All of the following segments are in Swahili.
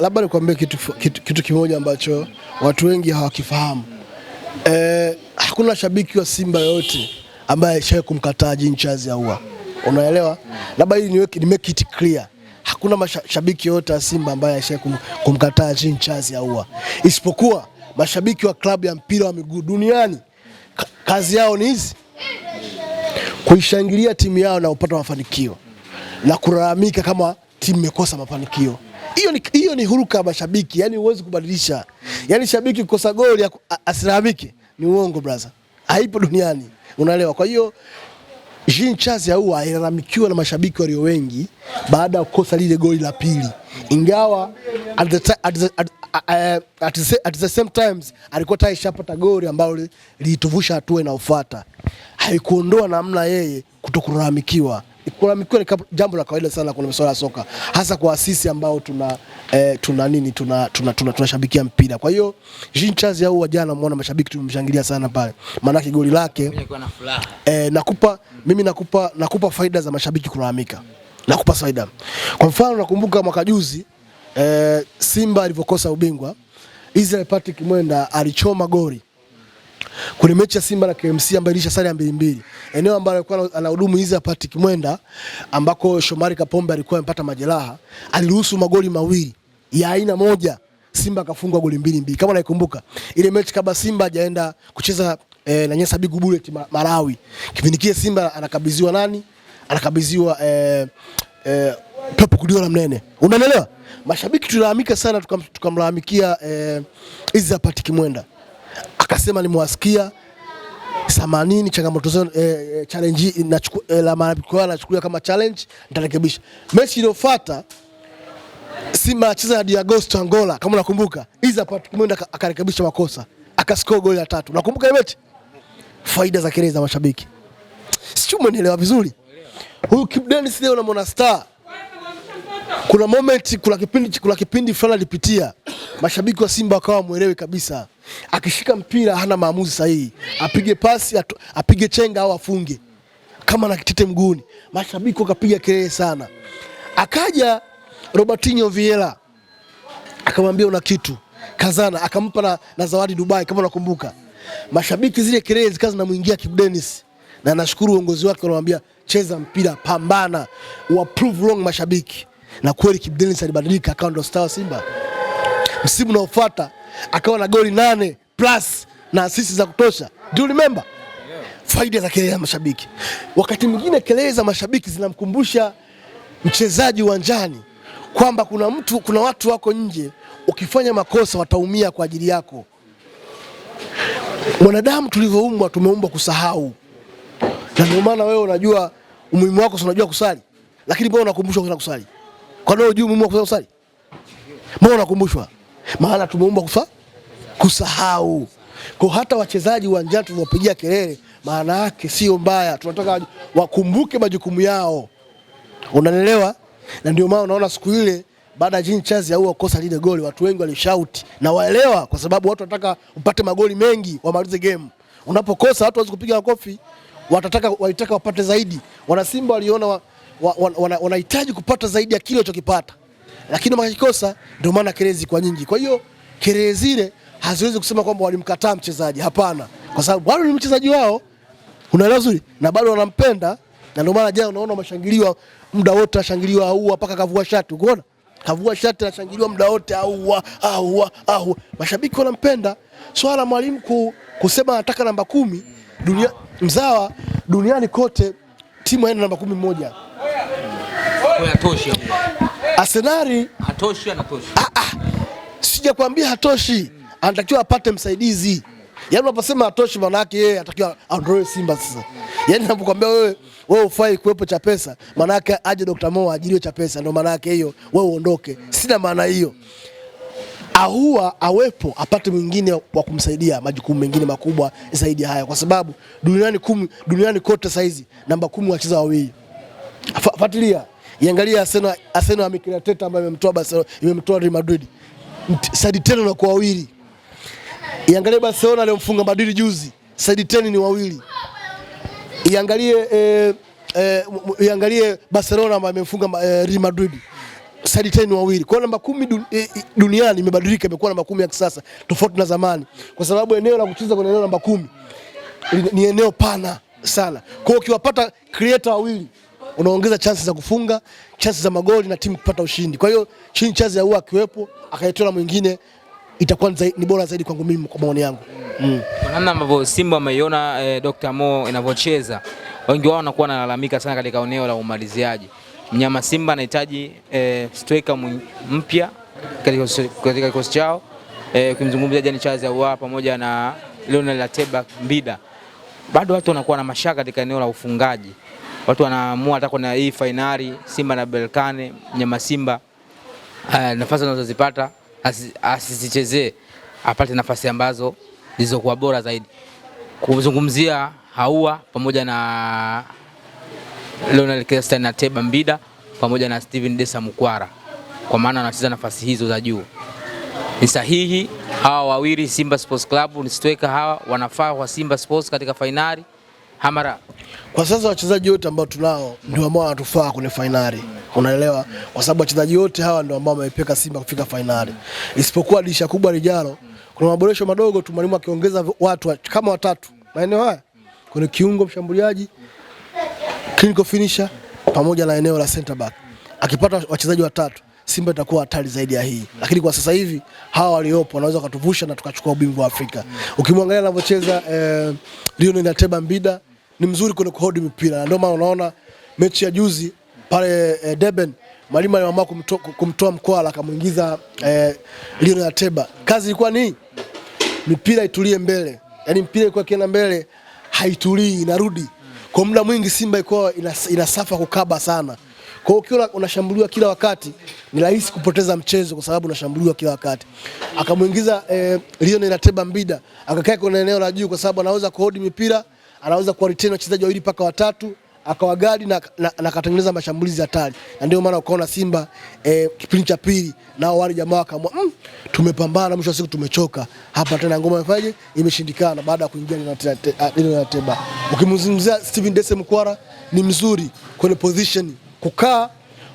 labda nikuambie kitu, kitu, kitu kimoja ambacho watu wengi hawakifahamu. E, hakuna shabiki wa Simba yoyote ambaye alishawahi kumkataa Jean Ahoua. Unaelewa? Labda hii niweke ni make it clear. Hakuna mashabiki yoyote wa Simba ambaye alishawahi kum, kumkataa Jean Ahoua. Isipokuwa mashabiki wa klabu ya mpira wa miguu duniani kazi yao ni hizi kuishangilia timu yao na upata mafanikio na kulalamika kama timu imekosa mafanikio hiyo ni, hiyo ni huruka ya mashabiki, yani huwezi kubadilisha. Yani shabiki kukosa goli asilalamike ni uongo brother, haipo duniani, unaelewa? Kwa hiyo Jean Charles Ahoua alilalamikiwa na mashabiki walio wengi baada ya kukosa lile goli la pili, ingawa at the, at the, at, uh, at the, at the same times alikuwa tayari shapata goli ambalo lilituvusha hatua inayofuata. Haikuondoa namna yeye kutokulalamikiwa kulalamikiwa ni jambo la kawaida sana kwenye masuala ya soka, hasa kwa sisi ambao tuna eh, tuna nini tuna tuna tunashabikia tuna mpira. Kwa hiyo Jean Charles au wajana muona mashabiki tumemshangilia sana pale, maana goli lake eh, nakupa mimi nakupa nakupa faida za mashabiki kulalamika, nakupa faida. Kwa mfano nakumbuka mwaka juzi eh, Simba alivyokosa ubingwa Israel Patrick Mwenda alichoma goli Kwenye mechi ya Simba na KMC ambayo ilisha sare ya mbili mbili, eneo ambalo alikuwa anahudumu hizi ya Patrick Mwenda ambako Shomari Kapombe alikuwa amepata majeraha, aliruhusu magoli mawili ya aina moja. Simba kafungwa goli mbili mbili, kama naikumbuka ile mechi kabla Simba hajaenda kucheza e, na Nyasa Big Bullet Malawi. Kipindi kile Simba anakabidhiwa nani? Anakabidhiwa e, e, Pep Guardiola mnene. Unanielewa? Mashabiki tulalamika sana tukamlalamikia tuka e, Izza Patrick Mwenda akasema nimewasikia samanini changamoto zao e, eh, eh, challenge inachukua e, la marafiki wao anachukulia kama challenge, nitarekebisha. Mechi iliyofuata Simba anacheza hadi Agosto Angola, kama unakumbuka, hizo hapa tumeenda akarekebisha makosa akaskoa goli la tatu. Nakumbuka ile mechi, faida za kireza mashabiki, sio? Umeelewa vizuri. Huyu Kibu Denis leo unamwona star kuna moment, kuna kipindi, kuna kipindi fulani alipitia mashabiki wa Simba wakawa mwelewe kabisa, akishika mpira hana maamuzi sahihi, apige pasi atu, apige chenga au afunge, kama na kitete mguuni, mashabiki wakapiga kelele sana. Akaja Robertinho Vieira akamwambia una kitu kazana, akampa na, na zawadi Dubai, kama unakumbuka. Mashabiki zile kelele zikaza namuingia Kibu Denis, na nashukuru uongozi wake, wanamwambia cheza mpira, pambana, wa prove wrong mashabiki na kweli Kibu Denis alibadilika akawa ndo star Simba. Msimu unaofuata akawa na goli nane plus na asisi za kutosha. Do you remember? Faida za kelele za mashabiki. Wakati mwingine kelele za mashabiki zinamkumbusha mchezaji uwanjani kwamba kuna mtu, kuna watu wako nje, ukifanya makosa wataumia kwa ajili yako. Mwanadamu tulivyoumbwa, tumeumbwa kusahau, na ndio maana wewe unajua umuhimu wako, unajua kusali, lakini mbona unakumbushwa kwenda kusali? Kwa nini hujui umuhimu wa kusali? Mbona unakumbushwa? Maana tumeumbwa kusa kusahau. Kwa hata wachezaji uwanjani tunawapigia kelele, maana yake sio mbaya, tunataka wakumbuke majukumu yao, unanielewa? Na ndio maana unaona siku ile baada ya Jean Charles au kosa lile goli, watu wengi walishauti na waelewa, kwa sababu watu wanataka upate magoli mengi wamalize game. Unapokosa watu hawezi kupiga makofi, watataka walitaka wapate zaidi. Wanasimba waliona wa, wanahitaji kupata zaidi ya kile walichokipata, lakini wakakikosa, ndio maana kelele zilikuwa nyingi. Kwa hiyo kelele zile haziwezi kusema kwamba walimkataa mchezaji, hapana, kwa sababu bado ni mchezaji wao, unaelewa vizuri, na bado wanampenda, na ndio maana jana unaona mashangiliwa muda wote, ashangiliwa aua mpaka kavua shati, unaona kavua shati anashangiliwa muda wote, aua aua aua, mashabiki wanampenda. Swala mwalimu ku, kusema anataka namba kumi dunia, mzawa duniani kote timu haina namba kumi moja hatoshi. Asenari, hatoshi, anatoshi. Ah ah. kuambia hatoshi. Mm. Anatakiwa apate msaidizi. Mm. Yaani unaposema hatoshi maana yake yeye atakiwa aondoe Simba sasa. Yaani ninapokuambia wewe wewe ufai kuwepo Chapesa, maana yake aje Dr. Mo ajiriwe Chapesa ndio maana yake hiyo, wewe uondoke. Sina maana hiyo. Ahua awepo apate mwingine wa kumsaidia majukumu mengine makubwa zaidi haya, kwa sababu duniani kumi, duniani kote saizi namba kumi wacheza wawili. Fuatilia Iangalie Arsenal, Arsenal amekila teta ambayo imemtoa Barcelona, imemtoa Real Madrid. Sadi tena na kwa wawili. Iangalie Barcelona aliyomfunga Madrid juzi. Sadi tena ni wawili. Iangalie eh, eh, iangalie Barcelona ambayo imemfunga eh, Real Madrid. Sadi tena ni wawili. Kwa namba kumi dun, eh, eh, duniani imebadilika imekuwa namba kumi ya kisasa tofauti na zamani. Kwa sababu eneo la kucheza kwenye eneo namba kumi ni eneo pana sana. Kwa hiyo ukiwapata creator wawili unaongeza chances za kufunga, chances za magoli na timu kupata ushindi. Kwa hiyo chini chance ya huwa akiwepo akaitoa mwingine itakuwa ni bora zaidi kwangu mimi kwa maoni yangu. Mm. Kwa namna ambavyo Simba wameiona eh, Dr. Mo inavyocheza, wengi wao wanakuwa wanalalamika sana katika eneo la umaliziaji. Mnyama Simba anahitaji eh, striker mpya katika kikosi chao eh, kimzungumzia Jani Charles Ahoua pamoja na Leonel Ateba Mbida, bado watu wanakuwa na mashaka katika eneo la ufungaji watu wanaamua hata kuna hii fainali Simba na Belkane mnyama Simba uh, nafasi anazozipata asizichezee, apate nafasi ambazo zilizokuwa bora zaidi. kuzungumzia Haua pamoja na Leonel Kirsten na Teba Mbida pamoja na Steven Desa mukwara kwa maana wanacheza nafasi hizo za juu. Ni sahihi hawa wawili Simba Sports Club nisitoweka, hawa wanafaa kwa Simba Sports katika fainali. Hamara. Kwa sasa wachezaji wote ambao tunao ndio ambao wanatufaa kwenye fainali, unaelewa, kwa sababu wachezaji wote hawa ndio ambao wamepeka Simba kufika fainali, isipokuwa dirisha kubwa lijalo kuna maboresho madogo tu, mwalimu akiongeza watu kama watatu maeneo haya kuna kiungo, mshambuliaji, clinical finisher pamoja na eneo la center back. Akipata wachezaji watatu Simba itakuwa hatari zaidi ya hii, lakini kwa sasa hivi hawa waliopo wanaweza kutuvusha na tukachukua ubingwa wa Afrika. Ukimwangalia anavyocheza eh, Lionel Ateba Mbida ni mzuri kwenye kuhodi mipira, ndio maana unaona mechi ya juzi pale eh, Deben mwalimu aliamua kumtoa kumto, kumtoa Mkwala akamwingiza eh, Lionel Ateba. Kazi ilikuwa ni mipira itulie mbele, yani mpira ilikuwa kienda mbele, haitulii inarudi. Kwa muda mwingi Simba ilikuwa inasafa kukaba sana. Kwa hiyo ukiwa unashambuliwa kila wakati ni rahisi kupoteza mchezo kwa sababu unashambuliwa kila wakati. Akamuingiza eh, Lionel Ateba Mbida akakaa kwenye eneo la juu kwa sababu anaweza kuhodi mipira anaweza kuwa retain wachezaji wawili mpaka watatu akawa gadi na, na, na akatengeneza mashambulizi hatari, na ndio maana ukaona Simba eh, kipindi cha pili nao wale jamaa wakaamua mm, tumepambana, mwisho wa siku tumechoka hapa tena, ngoma imefanyaje, imeshindikana baada ya kuingia ile ah, na teba. Ukimzungumzia Steven Dese Mkwara ni mzuri kwenye position kukaa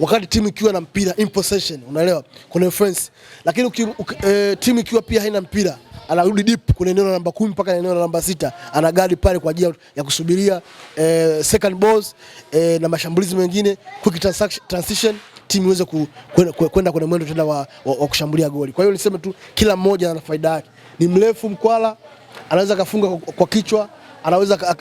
wakati timu ikiwa na mpira in possession, unaelewa kuna influence, lakini uki, uki, e, timu ikiwa pia haina mpira anarudi deep kwenye eneo la namba kumi mpaka eneo la namba sita ana gari pale kwa ajili ya kusubiria eh, second balls eh, na mashambulizi mengine quick transition timu iweze kwenda kwenye mwendo tena wa, wa, wa kushambulia goli. Kwa hiyo niseme tu kila mmoja ana faida yake. Ni mrefu Mkwala, anaweza akafunga kwa kichwa, anaweza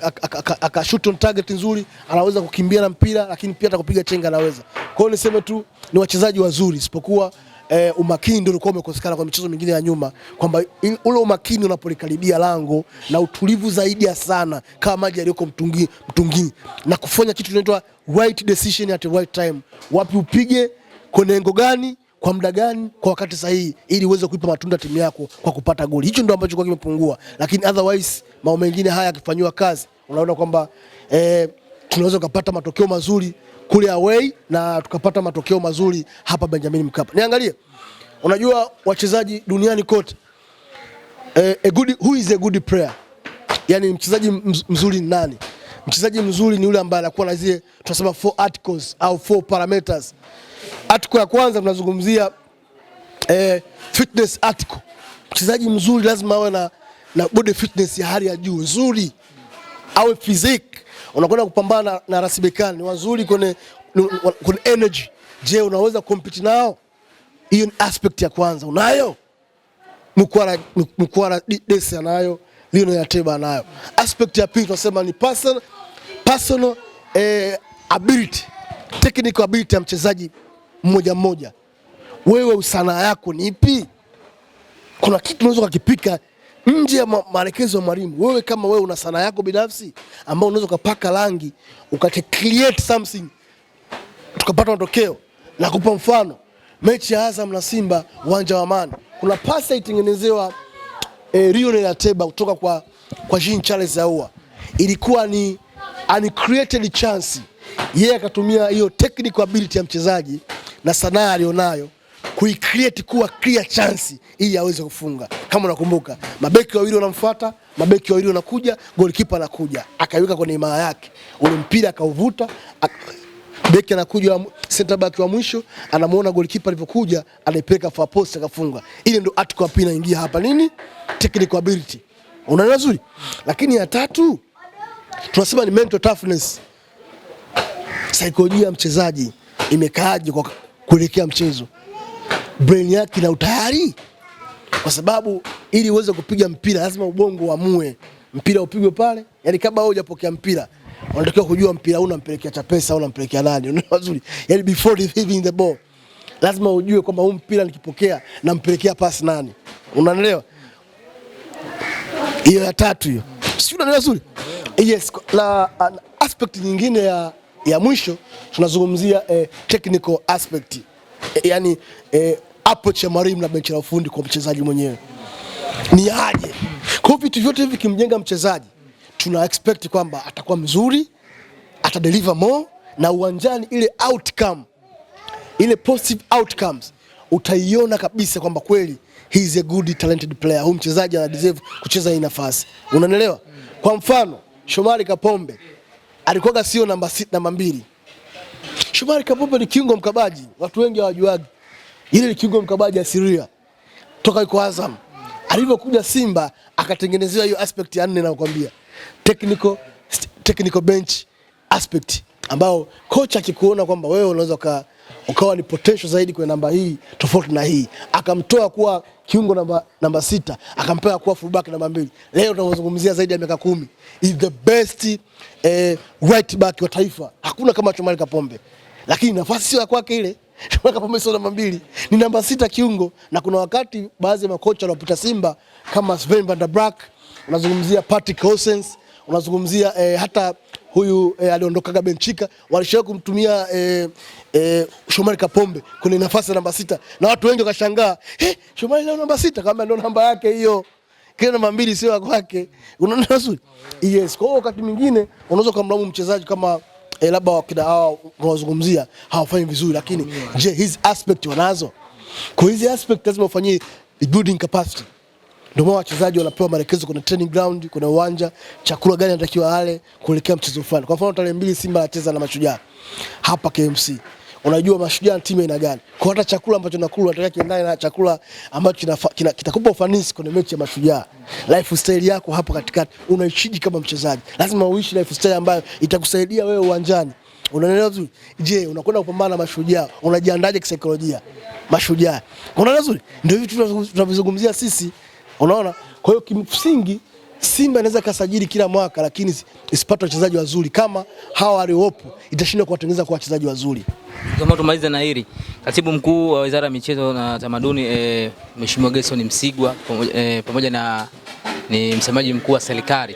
akashoot on target nzuri, anaweza kukimbia na mpira, lakini pia atakupiga chenga anaweza. Kwa hiyo niseme tu ni wachezaji wazuri isipokuwa eh, umakini ndio ulikuwa umekosekana kwa michezo mingine ya nyuma, kwamba ule umakini unapolikaribia lango na utulivu zaidi ya sana kama maji yaliyoko mtungi, mtungi, na kufanya kitu kinaitwa right decision at right time, wapi upige kwenye engo gani kwa muda gani kwa wakati sahihi, ili uweze kuipa matunda timu yako kwa kupata goli. Hicho ndio ambacho kwa kimepungua, lakini otherwise mambo mengine haya yakifanywa kazi, unaona kwamba eh, tunaweza kupata matokeo mazuri kule away na tukapata matokeo mazuri hapa Benjamin Mkapa. Niangalie, unajua wachezaji duniani kote eh, a good, who is a good player? Yani mchezaji mzuri ni nani? Mchezaji mzuri ni yule ambaye anakuwa na zile tunasema four articles au four parameters. Article ya kwanza tunazungumzia eh, fitness article. Mchezaji mzuri lazima awe na, na body fitness ya hali ya juu nzuri, awe physique unakwenda kupambana na, na ni wazuri kwenye kwenye energy. Je, unaweza compete nao? Hiyo ni aspect ya kwanza. Unayo Mkwara, Mkwara Desi anayo, ya teba anayo. Aspect ya pili tunasema ni person, personal eh, ability, technical ability ya mchezaji mmoja mmoja. Wewe usanaa yako ni ipi? Kuna kitu unaweza kukipika nje ya maelekezo ya mwalimu. Wewe kama wewe una sanaa yako binafsi ambayo unaweza ukapaka rangi ukate create something tukapata matokeo. Na kupa mfano mechi ya Azam na Simba uwanja wa Amani, kuna pasi itengenezewa eh, Lionel Ateba kutoka kwa kwa Jean Charles Ahoua, ilikuwa ni an created chance yeye, yeah, akatumia hiyo technical ability ya mchezaji na sanaa alionayo kuicreate kuwa clear chance ili aweze kufunga kama unakumbuka, mabeki wawili wanamfuata, mabeki wawili wanakuja, golikipa anakuja, akaiweka kwenye imara yake, ule mpira akauvuta ak beki anakuja center back wa mwisho anamuona golikipa alivyokuja, anaipeleka far post akafunga. Ile ndo atiko api inaingia hapa nini, technical ability, unaona nzuri. Lakini ya tatu tunasema ni mental toughness, saikolojia ya mchezaji imekaaje kwa kuelekea mchezo, brain yake na utayari kwa sababu ili uweze kupiga mpira lazima ubongo uamue mpira upigwe pale. Yani kabla wewe hujapokea mpira unatakiwa kujua mpira unampelekea Chapesa au unampelekea nani, unaona vizuri. Yani before receiving the ball lazima ujue kwamba huu mpira nikipokea nampelekea pasi nani, unaelewa? Hiyo ya tatu hiyo, sio? unaelewa vizuri? Yes. La uh, aspect nyingine ya, ya mwisho tunazungumzia eh, technical aspect eh, yani eh, approach ya mwalimu na benchi la ufundi kwa mchezaji mwenyewe ni aje. Kwa vitu vyote hivi kimjenga mchezaji, tuna expect kwamba atakuwa mzuri, ata deliver more na uwanjani, ile outcome, ile positive outcomes utaiona kabisa kwamba kweli he is a good talented player, huyu mchezaji ana deserve kucheza hii nafasi, unanielewa? Kwa mfano Shomari Kapombe alikuwa sio namba sita, namba mbili. Shomari Kapombe ni kiungo mkabaji, watu wengi hawajuagi ile ni kiungo mkabaji asiria toka yuko Azam. Alivyokuja Simba akatengenezewa hiyo aspect ya nne, nakwambia technical, technical bench aspect ambao kocha akikuona kwamba wewe unaweza ka, ukawa ni potential zaidi kwenye namba hii tofauti na hii, akamtoa kuwa kiungo namba, namba sita akampea kuwa fullback namba mbili. Leo tunazungumzia zaidi ya miaka kumi, is the best eh, right back wa taifa, hakuna kama Chomari Kapombe, lakini nafasi sio ya kwake ile. Shomari Kapombe sio namba mbili, ni namba sita kiungo, na kuna wakati baadhi ya makocha waliopita Simba kama Sven van der Brak, unazungumzia Patrick Hosens, unazungumzia eh, hata huyu eh, aliondokaga Benchika, walishawahi kumtumia eh, eh, Shomari Kapombe kwenye nafasi ya namba sita na watu wengi wakashangaa, eh, Shomari leo namba sita, kama ndio namba yake hiyo kile namba mbili sio kwake. Unaona nzuri? Yes, kwa wakati mwingine unaweza kumlaumu mchezaji kama eh, labda wakina hawa unawazungumzia hawafanyi vizuri, lakini je, hizi aspect wanazo? Kwa hizi aspect lazima ufanyie building capacity. Ndio maana wachezaji wanapewa maelekezo, kwenye training ground, kwenye uwanja, chakula gani anatakiwa ale kuelekea mchezo fulani. Kwa mfano tarehe mbili Simba anacheza na Mashujaa hapa KMC unajua mashujaa ni timu ina gani. Kwa hata chakula ambacho nakula unataka kiendane na chakula ambacho kitakupa ufanisi kwenye mechi ya mashujaa. Lifestyle yako hapo katikati unaishiji kama mchezaji. Lazima uishi lifestyle ambayo itakusaidia wewe uwanjani. Unaelewa vizuri? Je, unakwenda kupambana na mashujaa, unajiandaje kisaikolojia? Mashujaa. Unaelewa vizuri? Ndio hivi tunavyozungumzia sisi. Unaona? Kwa hiyo kimsingi Simba inaweza kasajili kila mwaka, lakini isipate wachezaji wazuri kama hawa waliopo, itashindwa kuwatengeneza kwa wachezaji wazuri. Kama tumalize na hili, katibu mkuu wa wizara ya michezo na tamaduni e, Mheshimiwa Gerson Msigwa pamoja, e, pamoja na ni msemaji mkuu wa serikali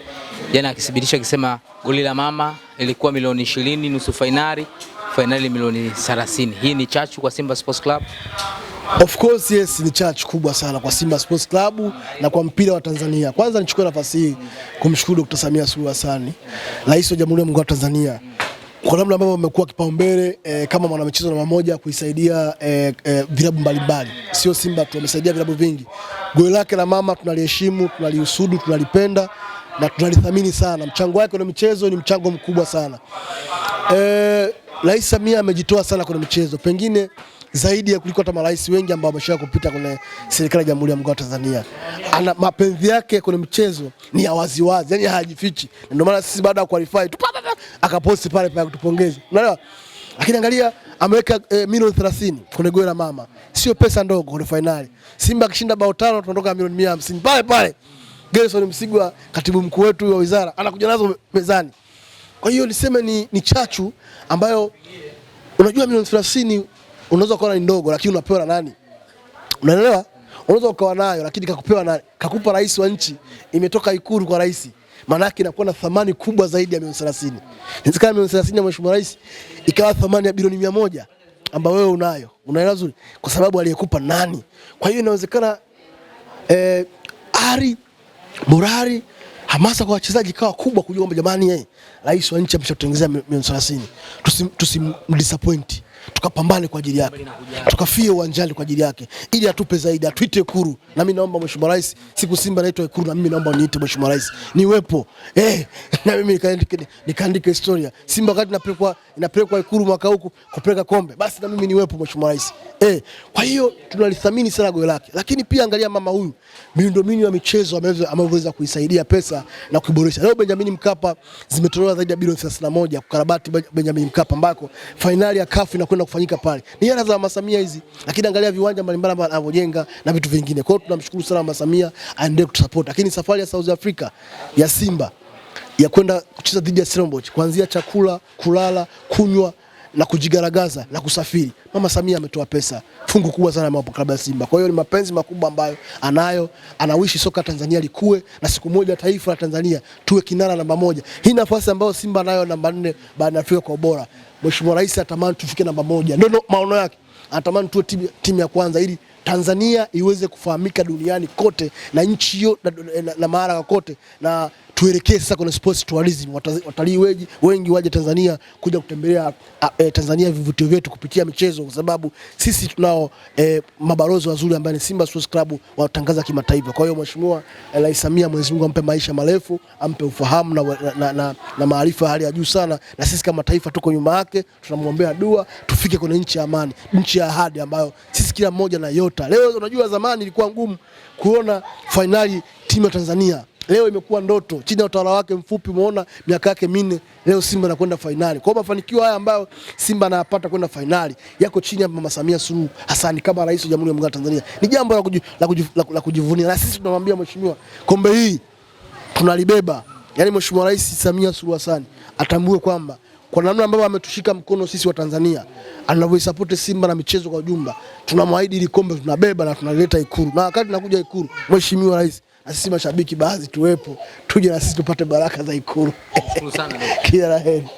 jana akithibitisha akisema goli la mama lilikuwa milioni ishirini nusu fainali fainali milioni 30. Hii ni chachu kwa Simba Sports Club. Of course yes, ni charge kubwa sana kwa Simba Sports Club na kwa mpira wa Tanzania. Kwanza nichukue nafasi hii kumshukuru Dr. Samia Suluhu Hassan, Rais wa Jamhuri ya Muungano wa Tanzania kwa namna ambavyo amekuwa kipaumbele eh, kama mwanamichezo namba moja kuisaidia eh, eh, vilabu mbalimbali, sio Simba tu, amesaidia vilabu vingi. Goli lake la mama tunaliheshimu, tunaliusudu, tunalipenda na tunalithamini sana. Mchango wake kwenye michezo ni mchango mkubwa sana. Eh, Rais Samia amejitoa sana kwenye michezo, pengine zaidi ya kuliko hata marais wengi ambao wameshawahi kupita kwenye serikali ya Jamhuri ya Muungano wa Tanzania. Ana mapenzi yake kwenye mchezo ni ya waziwazi, yani hajifichi. Ndio maana sisi baada ya qualify tu akaposti pale pale kutupongeza. Unaelewa? Lakini angalia ameweka eh, milioni 30 kwenye goli la mama. Sio pesa ndogo kwenye finali. Simba akishinda bao tano tunaondoka milioni 150 pale pale. Gerson Msigwa, katibu mkuu wetu wa wizara, anakuja nazo mezani. Kwa hiyo niseme ni, ni chachu ambayo unajua milioni 30 unaweza kuwa ni ndogo lakini unapewa na nani? Unaelewa? Unaweza ukawa nayo lakini kakupewa na kakupa rais wa nchi, imetoka Ikulu kwa rais, maana yake inakuwa na thamani kubwa zaidi ya milioni 30. Inawezekana milioni 30 ya mheshimiwa rais ikawa thamani ya bilioni 100 ambayo wewe unayo. Unaelewa vizuri? Kwa sababu aliyekupa nani? Kwa hiyo inawezekana eh, ari morali hamasa kwa wachezaji kawa kubwa kujua kwamba jamani, eh, rais wa nchi ameshatutengenezea milioni 30, tusim, tusim disappoint tukapambane kwa ajili yake, tukafie uwanjani kwa ajili yake, ili atupe zaidi, atuite Ikulu. Na mimi naomba Mheshimiwa Rais, siku Simba naitwa Ikulu, na mimi naomba niite Mheshimiwa Rais niwepo, eh, na mimi nikaandike nikaandike historia Simba wakati inapelekwa inapelekwa Ikulu mwaka huku kupeleka kombe, basi na mimi niwepo Mheshimiwa Rais eh. Kwa hiyo tunalithamini sana goli lake, lakini pia angalia mama huyu, miundombinu ya michezo ameweza kuisaidia pesa na kuboresha. Leo Benjamin Mkapa zimetolewa zaidi ya bilioni 31 kukarabati Benjamin Mkapa ambako fainali ya CAF na kwenda kufanyika pale ni hela za Mama Samia hizi, lakini angalia viwanja mbalimbali ambavyo anavyojenga na vitu vingine. Kwa hiyo tunamshukuru sana Mama Samia, aendelee kutusupport. Lakini safari ya South Africa ya Simba ya kwenda kucheza dhidi ya Stellenbosch, kuanzia chakula, kulala, kunywa na kujigaragaza na kusafiri, Mama Samia ametoa pesa fungu kubwa sana mapo klabu ya Simba. Kwa hiyo ni mapenzi makubwa ambayo anayo, anawishi soka Tanzania likue na siku moja taifa la Tanzania tuwe kinara namba moja. Hii nafasi ambayo Simba nayo namba nne barani Afrika kwa ubora Mheshimiwa Rais atamani tufike namba moja, ndio maono yake, anatamani tuwe timu tim ya kwanza ili Tanzania iweze kufahamika duniani kote na nchi hiyo na, na, na, na mahala kote na tuelekee sasa kwenye sports tourism, watalii wengi wengi waje Tanzania kuja kutembelea e, Tanzania vivutio vyetu kupitia michezo, kwa sababu sisi tunao e, mabalozi wazuri ambaye ni Simba Sports Club watangaza kimataifa. Kwa hiyo mheshimiwa e, Rais Samia, Mwenyezi Mungu ampe maisha marefu, ampe ufahamu na, na, na, na, na maarifa hali ya juu sana, na sisi kama taifa tuko nyuma yake, tunamwombea dua tufike kwenye nchi ya amani, nchi ya ahadi ambayo sisi kila mmoja na yota. Leo unajua zamani ilikuwa ngumu kuona fainali timu ya Tanzania leo imekuwa ndoto chini ya utawala wake mfupi, umeona miaka yake minne, leo Simba anakwenda fainali. Kwa mafanikio haya ambayo Simba anayapata kwenda fainali yako chini ya Mama Samia Suluhu Hassan kama rais wa Jamhuri ya Muungano wa Tanzania, ni jambo la, kuji, la, kuji, la, la kujivunia, na sisi tunamwambia mheshimiwa, kombe hii tunalibeba. Yani mheshimiwa Rais Samia Suluhu Hassan atambue kwamba kwa namna ambavyo ametushika mkono sisi wa Tanzania, anavyoisupport Simba na michezo kwa ujumla, tunamwahidi ile kombe tunabeba na tunaleta Ikulu, na wakati nakuja Ikulu, mheshimiwa rais na sisi mashabiki baadhi tuwepo, tuje na sisi tupate baraka za Ikulu. Kila la heri.